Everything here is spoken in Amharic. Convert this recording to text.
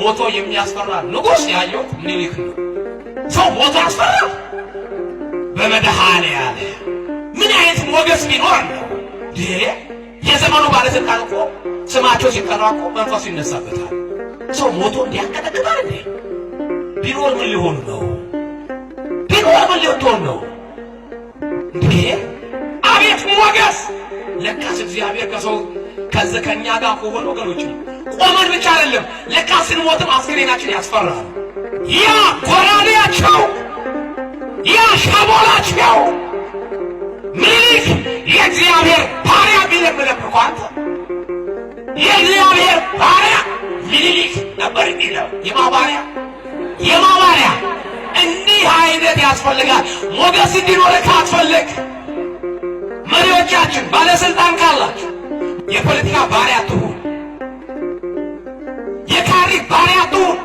ሞቶ የሚያስፈራ ንጉሥ ያየሁት ምኒልክ ነው። ሰው ሞቶ አስፈራ በመድኃኔ ያለ ምን አይነት ሞገስ ቢኖር ነው ይሄ የዘመኑ ባለስልጣን እኮ ስማቸው ሲጠራ እኮ መንፈሱ ይነሳበታል። ሰው ሞቶ እንዲያንቀጠቅጣል እንዴ? ቢኖር ምን ሊሆን ነው? ቢኖር ምን ሊሆን ነው እንዴ? አቤት ሞገስ! ለካስ እግዚአብሔር ከሰው ከዚህ ከእኛ ጋር ከሆኑ ወገኖች ነው። ቆመን ብቻ አይደለም ለካ ስንሞትም አስክሬናችን ያስፈራል። ያ ጎራዴያቸው፣ ያ ሸቦላቸው ምኒልክ የእግዚአብሔር ባሪያ ቢለምለም እኮ አንተ የእግዚአብሔር ባሪያ ምኒልክ ነበር የሚለው የማባሪያ የማባሪያ እንዲህ አይነት ያስፈልጋል። ሞገስ እንዲኖረ ካትፈልግ መሪዎቻችን ባለስልጣን ካላችሁ የፖለቲካ ባሪያ አትሁን፣ የታሪክ ባሪያ አትሁን።